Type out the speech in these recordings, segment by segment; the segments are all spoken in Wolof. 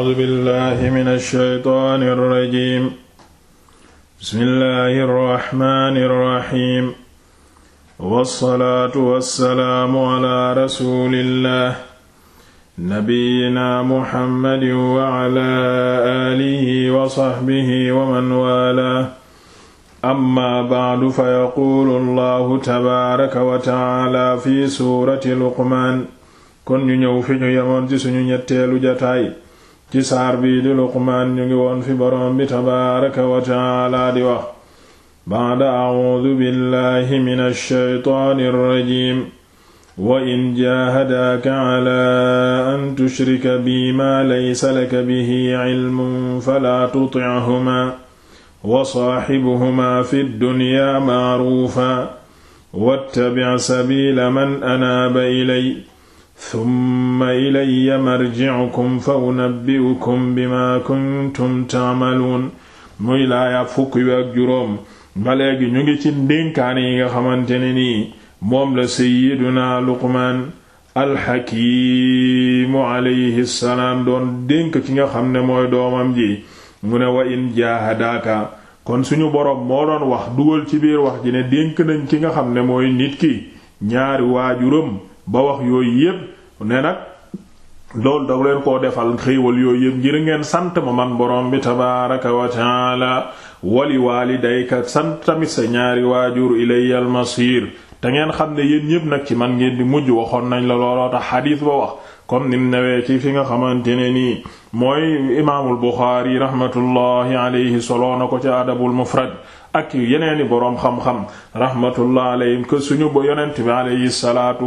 A'uuzu billaahi mina shaytaani rajiim. Bismillaahi rahmaani rahiim. Wassalaatu wassalaamu alaa rasuulillaah. Nabiyyinaa Muhammadin wa alaa aalihi wa sahbihi wa man waalaah. Ammaa ba'du fayaquulu Allaahu tabaaraka wa ta'aalaa fi suurati Luqmaan. Kon ñu ñëw fi ñu yemoon ci suñu ñetteelu jataay. ci saar bii di luqmaan ñu ngi woon fi boroom bi tabaaraka wa taala di wax ba'da a'uudu billahi minash shaytaanir rajiim wa in jaahadaaka calaa an tushrika bi maa laysa laka bihi cilmun falaa tutichumaa wa saaxibuhumaa fi ddunyaa macruufa wattabic sabiila man anaaba ilay summa ilayya marji'ukum fa unabbi'ukum bima kuntum ta'maluun muy laaya fukk yu ak juróom ba léegi ñu ngi ci ndénkaan yi nga xamante ne nii moom la sayyiduna luqmaan alxakiimu alayhi salaam doon dénk ki nga xam ne mooy doomam ji mu ne wa in jaahadaaka kon suñu boroom moo doon wax dugal ci biir wax ji ne dénk nañ ki nga xam ne mooy nit ki ñaari waa juróom ba wax yooyu yépp ne nag loolu da leen koo defal xéewal yooyu yépp ngir ngeen sant ma man borom bi tabaaraka wa taala wali waalidayka sant tamit sa ñaari waajur ilayal masir te ngeen xam ne yéen ñépp nag ci man ngeen di mujj waxoon nañ la looloo tax xadiis ba wax comme nim newee ci fi nga xamante nii mooy imaamul Buxaari rahmatullahi alayhi soloo na ko ca adabul mufrad ak yeneeni boroom xam-xam rahmatullah alayhim que suñu ba yonent bi alayhi salaatu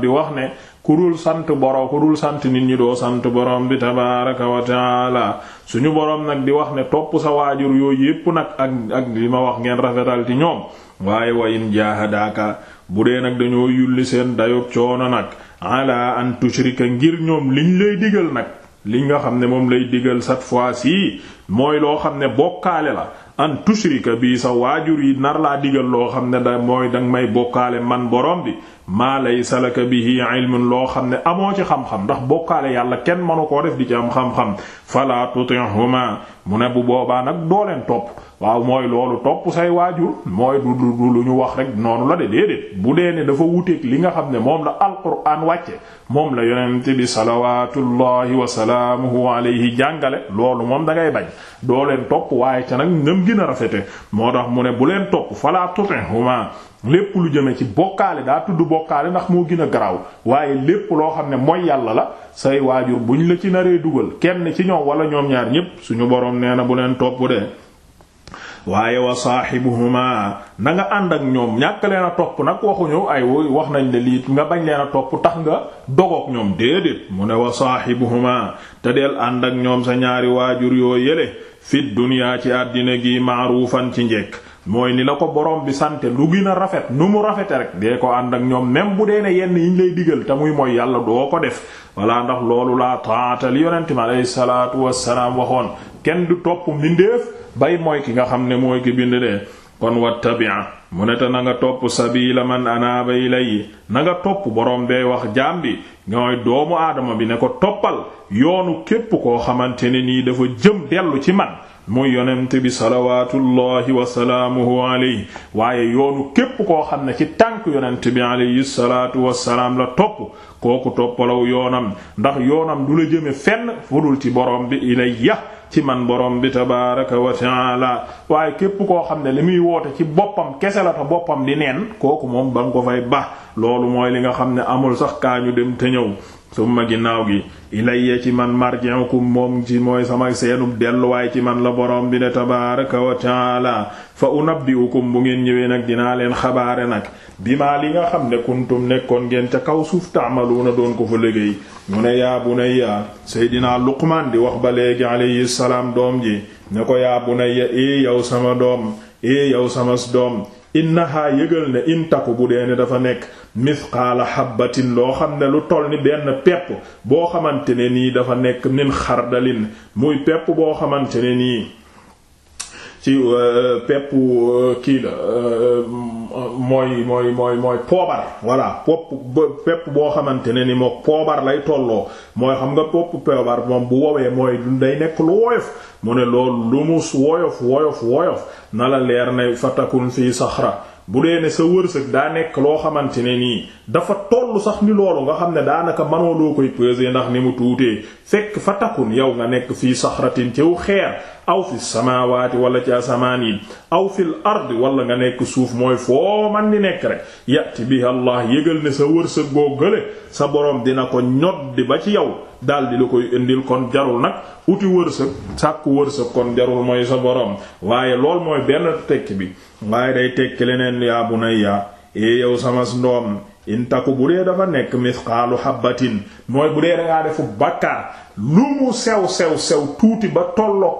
di wax ne ku dul sant boroom ku dul sant nit ñi doo sant boroom bi tabaaraka wa suñu borom nag di wax ne topp sa waajur yooyu yépp nag ak ak bi ma wax ngeen rafetal ci ñoom waaye wa in jaahadaaka bu dee nag dañoo yulli seen dayob coono nag ala an tushrika ngir ñoom liñ lay digal nag li nga xam ne moom lay digal cette fois-ci mooy loo xam ne bokkaale la an tushrika bii sa waajur yi nar laa digal loo xam ne da mooy danga may bokkaale man boroom bi maa lay salaka laysa laka bihi ilmun loo xam ne amoo ci xam-xam ndax bokkaale yàlla kenn mënu koo def di ci am xam-xam fala tutihuma mu ne bu boobaa nag doo leen topp waaw mooy loolu topp say waajur mooy du du lu ñu wax rek noonu la de déedéet bu dee ne dafa wuteeg li nga xam ne moom la alquran wàcce moom la yonent bi salawatullahi wa salaamuhu alayhi jàngale loolu moom da ngay bañ doo leen topp waaye ca nag nam gën rafete moo tax mu ne bu leen topp fala tutihuma lépp lu jëme ci bokkaale daa tudd bokkaale ndax moo gën a garaaw waaye lépp loo xam ne mooy yàlla la say waajur ñu la ci naree dugal kenn ci ñoom wala ñoom ñaar ñépp suñu boroom nee na bu leen topp de waaye wa saaxibuhuma na nga ànd ak ñoom ñàkk leen a topp nag waxuñu ay wax nañ la liit nga bañ leen a topp tax nga dogook ñoom déedéet mu ne wa saaxibuhuma te del ànd ak ñoom sa ñaari waajur yoo yële fi duniyaa ci àddina gi maaruufan ci njekk mooy ni la ko borom bi sante lu gën a rafet nu mu rafete rek dee ko ànd ak ñoom même bu dee ne yenn yiñ lay digal te muy mooy yàlla doo ko def voilà ndax loolu laa taata li yonente mi alayhi salaatu wassalaam waxoon kenn du topp mbindeef bay mooy ki nga xam ne mooy ki bind de kon wattabia mu ne te na nga topp sabila man anaaba ilayhi na nanga topp boroom day wax jaam bi ñooy doomu aadama bi ne ko toppal yoonu képp koo xamante ne nii dafa jëm dellu ci man muy yonent bi salawaatullahi wa salaamuhu alayhi waaye yoonu képp koo xam ne ci tànk yonent bi alayhi salaatu salaam la topp kooku toppalaw yoonam ndax yoonam du la jëme fenn fudul ci borom bi la yax ci man borom bi tabaaraka wa taala waaye képp koo xam ne li muy woote ci boppam kese la ta boppam di neen kooku moom ba ko fay baax loolu mooy li nga xam ne amul sax kaa ñu dem te ñëw ginnaaw gi ilayya ci man marji'ukum moom ci mooy sama seenub delluwaay ci man la boroom bi ne tabaaraka wa taala fa unabbi'ukum bu ngeen ñëwee nag dinaa leen xabaare nag bi maa li nga xam ne kuntum nekkoon ngeen ca kaw suuf na doon ko fa liggéey mu ne yaa bunayya seydinaa luqmaan di wax ba léegi alayhi salaam doom ji ne ko yaa bunayya ee yow sama doom ee yow sama doom innahaa yëgal ne intaku bu dee ne dafa nekk misqaala xabbatin loo xam ne lu toll ni benn pepp boo xamante ne nii dafa nekk min xardalin muy pepp boo xamante ne nii ci euh, peppu euh, kii la euh, mooy mooy mooy mooy poobar voilà pop pepp boo xamante ne ni moo poobar lay tolloo mooy xam nga popp poobar moom bu woowee mooy day nekk lu woyof mu ne loolu lu mus woyof woyof woyof na la leer ne fatakun fii saxra bu dee ne sa wërsëg daa nekk loo xamante ne nii dafa toll sax ni loolu nga xam ne daanaka mënoo loo koy peser ndax ni mu tuutee fekk fa takun yow nga nekk fii saxratin ciw xeer aw fi samaawaati wala ci asamaan yi aw fil ard wala nga nekk suuf mooy foo man ni nekk rek yati bi allah yëgal ne sa wërsëg goo gële sa borom dina ko ñoddi ba ci yow daldi la koy indil kon jarul nag uti wërsëg sàkku wërsëg kon jarul mooy sa boroom waaye lool mooy benn tekki bi waaye day tekki leneen yaa bunayya e yow samas ndoom intaku bu dee dafa nekk mithqaalu habbatin mooy bu dee dangaa defu bakkaar lu mu sew sew sew tuuti ba tollook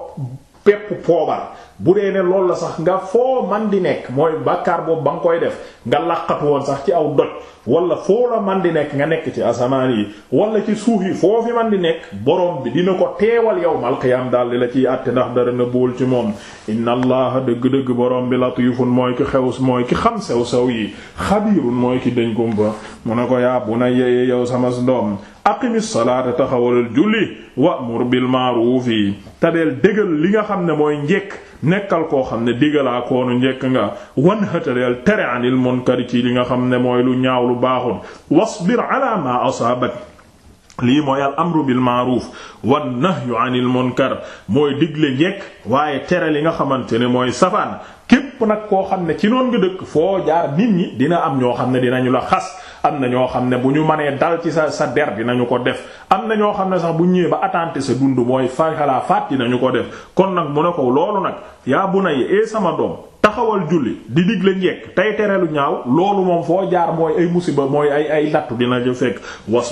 pepp poobar bu dee ne loolu la sax nga foo man di nekk mooy bàkkaar boobu ba nga koy def nga làqat woon sax ci aw doj walla foo la man di nekk nga nekk ci asamaan yi walla ci suuf yi foo fi man di nekk borom bi dina ko teewal yawmal qiyaam daal di la ciy àtte ndax dara na bool ci moom inna allaha dëgg-dëgg borom bi latiifun mooy ki xew mooy ki xam sew sew yi xabiirun mooy ki deñ gumba mu ne ko yaa bunayya yow sama doom aqimi salaata taxawalal julli wa'mur bil ma'ruf yi tadeel dégal li nga xam ne mooy njekk nekkal koo xam ne digalaa koonu njekk nga wanha tadeel tere anil munkari ci li nga xam ne mooy lu ñaaw lu baaxul wa ala ma asaabat lii mooy al amru bil ma'ruf wan nahyu anil munkar mooy digle njekk waaye tere li nga xamante ne mooy safaan képp nag koo xam ne ci noon nga dëkk foo jaar nit ñi dina am ñoo xam ne dinañu la xas am na ñoo xam ne bu ñu mënee dal ci sa sa der dinañu ko def am na ñoo xam ne sax bu ñëwee ba attenter sa dund mooy faxalaa faat ñu ko def kon nag mu ne ko loolu nag yaa bu na yi eh sama doom taxawal julli di digle njekk tey terelu ñaaw loolu moom foo jaar mooy ay musiba mooy ay ay nattu dina ju fekk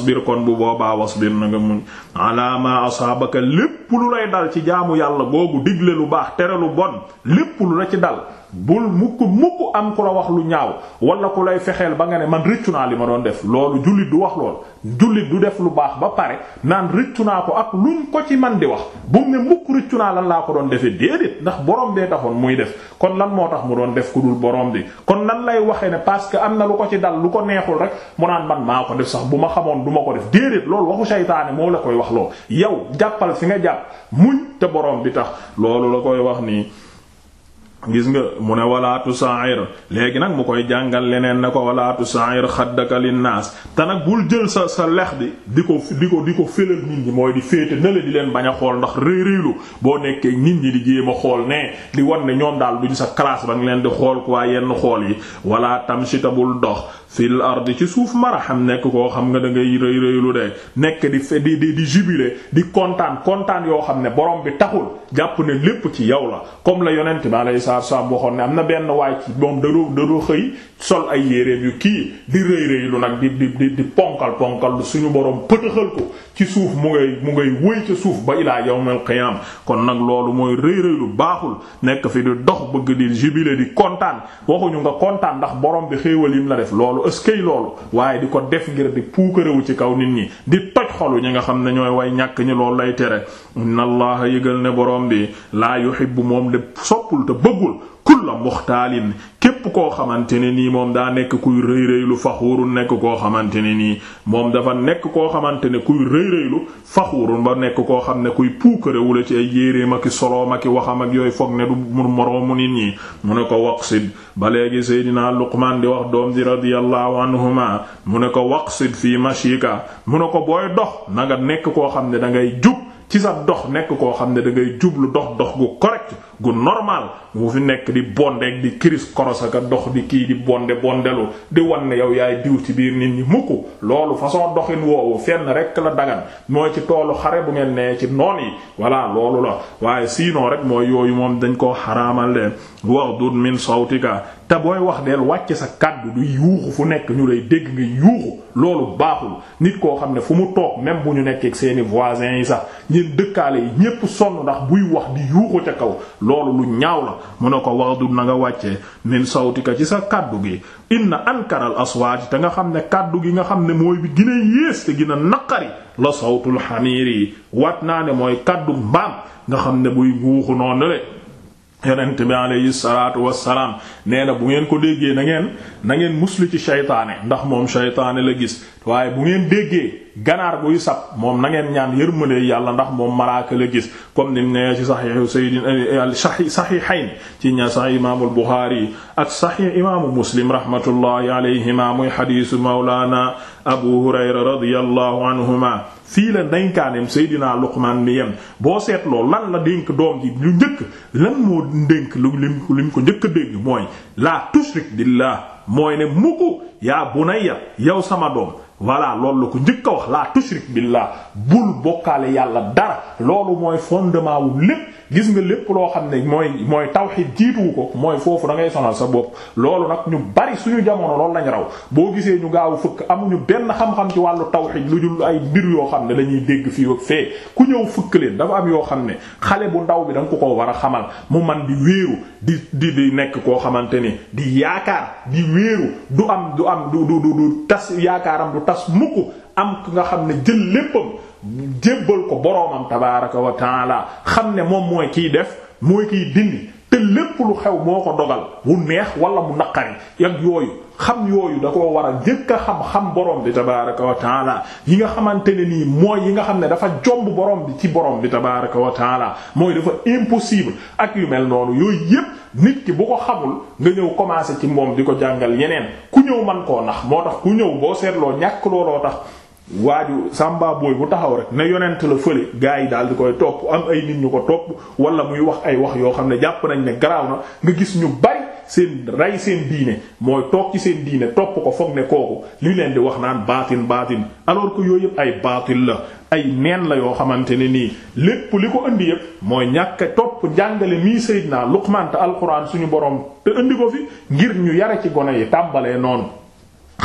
biir kon bu boobaa wasbir na nga muñ ala ma asaabaka lépp lu lay dal ci jaamu yàlla googu digle lu baax tere lu bon lépp lu la ci dal bul mukk mukk am ku la wax lu ñaaw wala ku lay fexeel ba nga ne man rëccu naa li ma doon def loolu jullit du wax lool jullit du def lu baax ba pare naan rëccu naa ko ak luñ ko ci man di wax bu mu ne mukk rëccu naa lan laa ko doon defee déedéet ndax borom bee taxoon muy def kon lan moo tax mu doon def ku dul borom bi kon nan lay waxee ne parce que am na lu ko ci dal lu ko neexul rek mu naan man maa ko def sax bu ma xamoon du ma ko def déedéet loolu waxu saytaane moo la koy wax lool yow jàppal fi nga jàpp muñ te borom bi tax loolu la koy wax nii. gis nga mu ne walaatu sa'ir léegi nag mu koy jàngal leneen na ko walaatu sa'ir xaddaka linnaas te nag bul jël sa sa lex bi di ko di ko di ko fëlal nit ñi mooy di féete na la di leen bañ a xool ndax réeréelu boo nekkee nit ñi di jéem xool ne di wan ne ñoom daal duñ sa classe ba nga leen di xool ko quoi yenn xool yi wala tamshita bul dox fil ardi ci suuf maraxam nekk koo xam nga da ngay rëy rëylu de nekk di di di di jubilé di kontaan kontaan yoo xam ne borom bi taxul jàpp ne lépp ci yow la saar saam waxoon ne am na benn waay ci moom dadoo dadoo xëy sol ay yéreem yu kii di rëy rëy nag di di di ponkal ponkal lu suñu borom pëtëxal ko ci suuf mu ngay mu ngay wëy ca suuf ba ilaa yawmal qiyaam kon nag loolu mooy rëy rëy lu baaxul nekk fi di dox bëgg di jubile di kontaan waxuñu nga kontaan ndax borom bi xéewal yim la def loolu ëskay loolu waaye di ko def ngir di puukarewu ci kaw nit ñi di toj xolu ñi nga xam ne ñooy way ñàkk ñi loolu lay tere inna allaha yëgal ne bi laa bokkul te bëggul kulla muxtaalin képp koo xamante ne nii moom daa nekk kuy rëy rëylu faxuurun nekk koo xamante ne nii moom dafa nekk koo xamante ne kuy rëy rëylu faxuurun ba nekk koo xam ne kuy puukarewu la ci ay yéeréem ak soloom ak waxam ak yooyu foog ne du mu moroomu nit ñi mu ne ko waqsid ba léegi Seydina Luqmaan di wax doom di radiyallahu anhuma mu ne ko waqsid fii mashika mu ne ko booy dox na nga nekk koo xam ne da ngay ci sa dox nekk koo xam ne dangay jublu dox dox gu correct gu normal mu fi nekk di bondeeg di kiris a dox di kii di bonde bondelu di wan ne yow yaay diw ci biir nit ñi mukk loolu façon doxin woowu fenn rekk la dagan mooy ci toolu xare bu ngeen nee ci noon yi voilà loolu la waaye sinon rek mooy yooyu moom dañ koo xaraamal de wax dut min sawtika te booy wax deel wàcc sa kàddu du yuuxu fu nekk ñu lay dégg nga yuuxu loolu baaxul nit koo xam ne fu mu toog même bu ñu nekkee seeni voisins yi sax ñeen dëkkaale yi ñépp sonn ndax buy wax di yuuxu ca kaw loolu lu ñaaw la mu ne ko wax du na nga wàccee min ko ci sa kàddu gi inna ankaral aswaat te nga xam ne kàddu gi nga xam ne mooy bi gën a yées te gën a naqari la sawtul xamiir yi wat naa ne mooy kàddu mbaam nga xam ne buy yuuxu noonu le yonent bi alayhi salaatu wassalaam nee na bu ngeen ko déggee na ngeen na ngeen muslu ci saytaane ndax moom shaytaane la gis waaye bu ngeen déggee ganaar guy sab moom na ngeen ñaan yërmande yàlla ndax moom malaaka la gis comme nim ne ci saxiix sayyidina eh, saxiixayn ci ña sax imaamul buxaari ak saxiix imaamu muslim rahmatullahi alayhima muy xadiisu mawlaana abu hurayra radiyallahu anhuma fii la ndénkaanem seydinaa luqmaan mi yem boo seetloo lan la dénk doom ji lu njëkk lan moo dénk lu lim ko njëkk a dégg mooy laa tushrik billah mooy ne mukk yaa bunayya yow sama doom voilà loolu la ko njëkk a wax laa tushrik billah bul bokkaale yàlla dara loolu mooy fondement wu lépp gis nga lépp loo xam ne mooy mooy tawhid jiituwu ko mooy foofu da ngay sonal sa bopp loolu nag ñu bari suñu jamono loolu lañ raw boo gisee ñu gaaw fëkk ñu benn xam-xam ci wàllu tawhid lu dul ay mbir yoo xam ne lañuy dégg fii ak fee ku ñëw fëkk leen dafa am yoo xam ne xale bu ndaw bi da ko ko war a xamal mu man di wéeru di di di nekk koo xamante ni di yaakaar di wéeru du am du am du du du tas yaakaaram du tas mukk am nga xam ne jël léppam jébbal ko boroomam tabaaraka wa taala xam ne moom mooy kiy def mooy kiy dindi te lépp lu xew moo ko dogal mu neex wala mu naqari ak yooyu xam yooyu da koo war a njëkk a xam xam borom bi tabaaraka wa taala yi nga xamante ne nii mooy yi nga xam ne dafa jomb borom bi ci borom bi tabaaraka wa mooy dafa impossible ak yu mel noonu yooyu yépp nit ki bu ko xamul nga ñëw commencer ci moom di ko jàngal yeneen ku ñëw man koo nax moo tax ku ñëw boo seetloo ñàkk tax. waaju sàmba booy bu taxaw rek ne yonent la fële gars yi daal di koy topp am ay nit ñu ko topp wala muy wax ay wax yoo xam ne jàpp nañ ne garaaw na nga gis ñu bari seen rey seen diine mooy toog ci seen diine topp ko foog ne kooku li leen di wax naan baatin baatin alors que yooyu yëpp ay baatil la ay neen la yoo xamante ne nii lépp li ko indi yëpp mooy ñàkk topp njàngale mii naa Luqman te alxuraan suñu borom te indi ko fi ngir ñu yare ci gone yi tàmbalee noonu.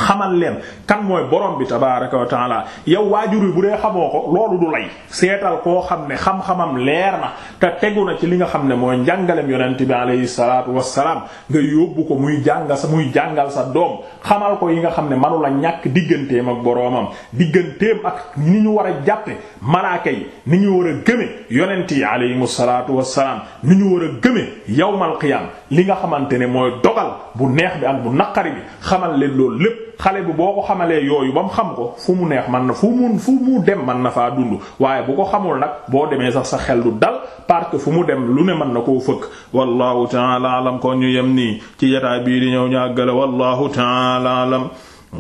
xamal leen kan mooy borom bi tabaaraka wa taala yow waajur yi bu dee xamoo ko loolu du lay seetal koo xam ne xam-xamam leer na te tegu na ci li nga xam ne mooy njàngalem yonent bi alayhi salaatu wassalaam nga yóbbu ko muy jàngal sa muy jàngal sa doom xamal ko yi nga xam ne manu la ñàkk digganteem ak boroomam digganteem ak ni ñu war a jàppe malaaka yi ni ñu war a gëme yonent yi alayhimu salaatu wassalaam ni ñu war a gëme yawmal qiyaam li nga xamante ne mooy dogal bu neex bi am bu naqari bi xamal leen loolu lépp xale bi boo ko xamalee yooyu ba xam ko fu mu neex man na fu mu fu dem man na faa dund waaye bu ko xamul nag boo demee sax sa xel du dal parce fu mu dem lu ne man na koo fëkk wallahu taala alam ko ñu yem nii ci jotaay bii di ñëw ñu àggale wallahu taala alam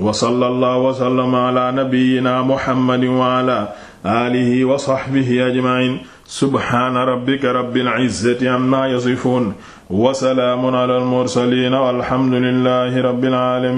wa sallallahu wa sallama ala nabiyyina muhammadin wa ala alihi wa sahbihi ajma'in subhana rabbika rabbil izzati amma yasifun wa salaamun ala al mursalin walhamdulillahi rabbil alamin